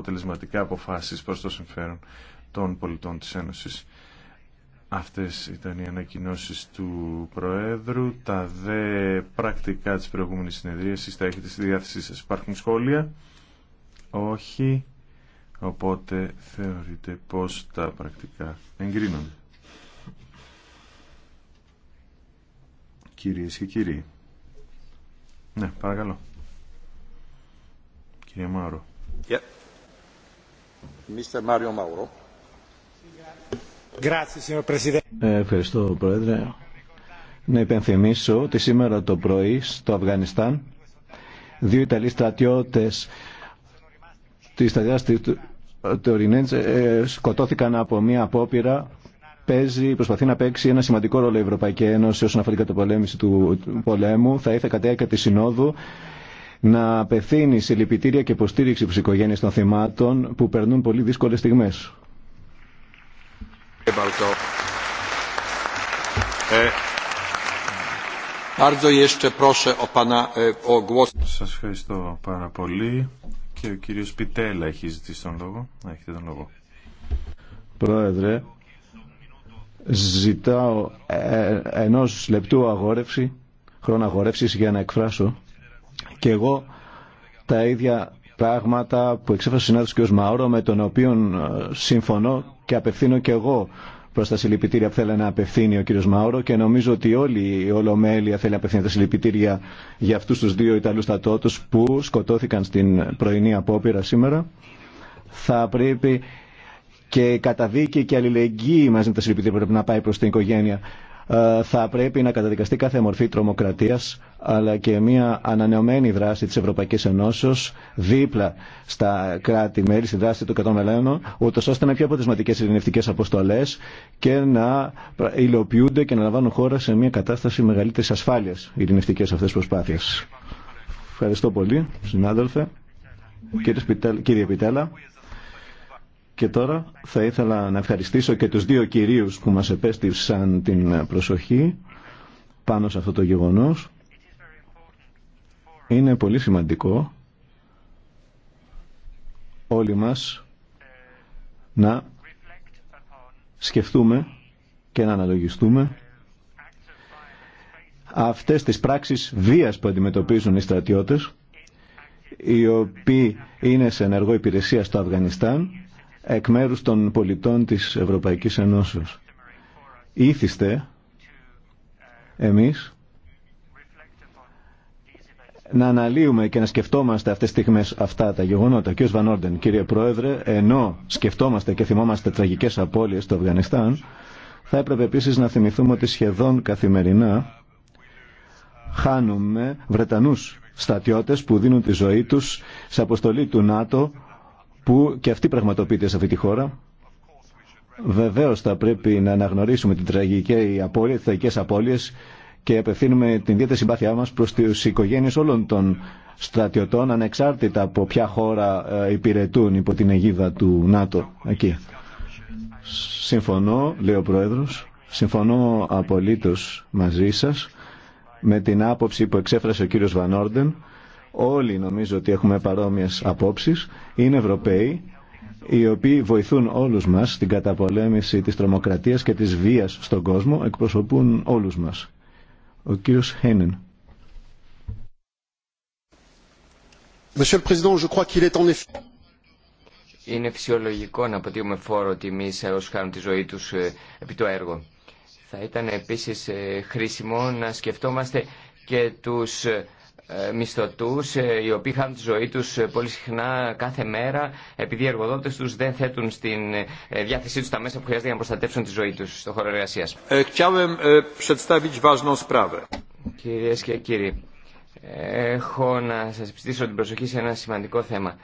αποτελεσματικά αποφάσεις προς το συμφέρον των πολιτών της Ένωσης. Αυτές ήταν οι ανακοινώσει του Προέδρου. Τα δε πρακτικά της προηγούμενης συνεδρίασης τα έχετε στη διάθεσή σα. Υπάρχουν σχόλια. Όχι. Οπότε θεωρείτε πως τα πρακτικά εγκρίνονται. Κυρίες και κύριοι. Ναι, παρακαλώ. Κύριε Μάρο. Yeah. Ε, ευχαριστώ, Πρόεδρε. Να υπενθυμίσω ότι σήμερα το πρωί στο Αφγανιστάν δύο Ιταλοί στρατιώτε, της στρατιάς του Ρινέντς ε, σκοτώθηκαν από μια απόπειρα παίζει, προσπαθεί να παίξει ένα σημαντικό ρόλο η Ευρωπαϊκή Ένωση όσον αφορά την καταπολέμηση του πολέμου. Θα ήθελα κατά τη συνόδου να απευθύνει σε λυπητήρια και υποστήριξη στις οικογένειες των θυμάτων που περνούν πολύ δύσκολες στιγμές. Ε, ε, ε, Σας ευχαριστώ πάρα πολύ και ο κύριος Πιτέλα έχει ζητήσει τον λόγο. Έχετε τον λόγο. Πρόεδρε, ζητάω ενός λεπτού αγόρευση, χρόνο αγόρευσης για να εκφράσω και εγώ τα ίδια πράγματα που εξέφρασε ο συνάδελφος κ. Μαόρο με τον οποίο ε, συμφωνώ και απευθύνω και εγώ προς τα συλληπιτήρια που θέλει να απευθύνει ο κ. Μαόρο και νομίζω ότι όλη η Ολομέλεια θέλει να απευθύνει τα συλληπιτήρια για αυτούς τους δύο Ιταλούς στατώτους που σκοτώθηκαν στην πρωινή απόπειρα σήμερα. Θα πρέπει και καταδίκη και αλληλεγγύη μαζί με τα συλληπιτήρια πρέπει να πάει προς την οικογένεια ε, θα πρέπει να καταδικαστεί κάθε μορφή τρομοκρατίας αλλά και μια ανανεωμένη δράση της Ευρωπαϊκής Ενώσεως δίπλα στα κράτη-μέλη, στη δράση του κατών μελένων, ούτως ώστε να πιο αποτελεσματικές ειρηνευτικές αποστολές και να υλοποιούνται και να λαμβάνουν χώρα σε μια κατάσταση μεγαλύτερης ασφάλειας ειρηνευτικές αυτές προσπάθειες. Ευχαριστώ πολύ, συνάδελφε. Κύριε Πιτέλα. Και τώρα θα ήθελα να ευχαριστήσω και τους δύο κυρίους που μας επέστησαν την προσοχή πάνω σε αυτό το γεγονός. Είναι πολύ σημαντικό όλοι μας να σκεφτούμε και να αναλογιστούμε αυτές τις πράξεις βίας που αντιμετωπίζουν οι στρατιώτες οι οποίοι είναι σε ενεργό υπηρεσία στο Αφγανιστάν εκ μέρου των πολιτών της Ευρωπαϊκής Ενώσεως. Ήθιστε εμείς να αναλύουμε και να σκεφτόμαστε αυτές τις στιγμές αυτά τα γεγονότα. Κύριος Βανόρντεν, κύριε Πρόεδρε, ενώ σκεφτόμαστε και θυμόμαστε τραγικές απώλειες στο Αφγανιστάν, θα έπρεπε επίσης να θυμηθούμε ότι σχεδόν καθημερινά χάνουμε Βρετανούς στατιώτες που δίνουν τη ζωή τους σε αποστολή του ΝΑΤΟ που και αυτή πραγματοποιείται σε αυτή τη χώρα. Βεβαίω θα πρέπει να αναγνωρίσουμε την τραγική απώλεια, τι τραγικέ απώλειε και απευθύνουμε την ιδιαίτερη συμπάθειά μα προ τι οικογένειε όλων των στρατιωτών, ανεξάρτητα από ποια χώρα ε, υπηρετούν υπό την αιγίδα του ΝΑΤΟ εκεί. Συμφωνώ, λέει ο Πρόεδρο, συμφωνώ απολύτω μαζί σα με την άποψη που εξέφρασε ο κύριος Βανόρντεν Όλοι νομίζω ότι έχουμε παρόμοιες απόψεις. Είναι Ευρωπαίοι οι οποίοι βοηθούν όλους μας στην καταπολέμηση της τρομοκρατίας και της βίας στον κόσμο, εκπροσωπούν όλους μας. Ο κύριος Χένεν. Είναι φυσιολογικό να αποτείουμε φόρο τιμή σε όσου χάνουν τη ζωή του ε, επί το έργο. Θα ήταν επίση ε, χρήσιμο να σκεφτόμαστε και τους ε, ε, μισθωτούς ε, οι οποίοι χάνουν τη ζωή τους ε, πολύ συχνά κάθε μέρα επειδή οι εργοδότες τους δεν θέτουν στη διάθεσή τους τα μέσα που χρειάζεται για να προστατεύσουν τη ζωή τους στον χώρο εργασίας. Κυρίες και κύριοι, έχω να σας επιστήσω την προσοχή σε ένα σημαντικό θέμα.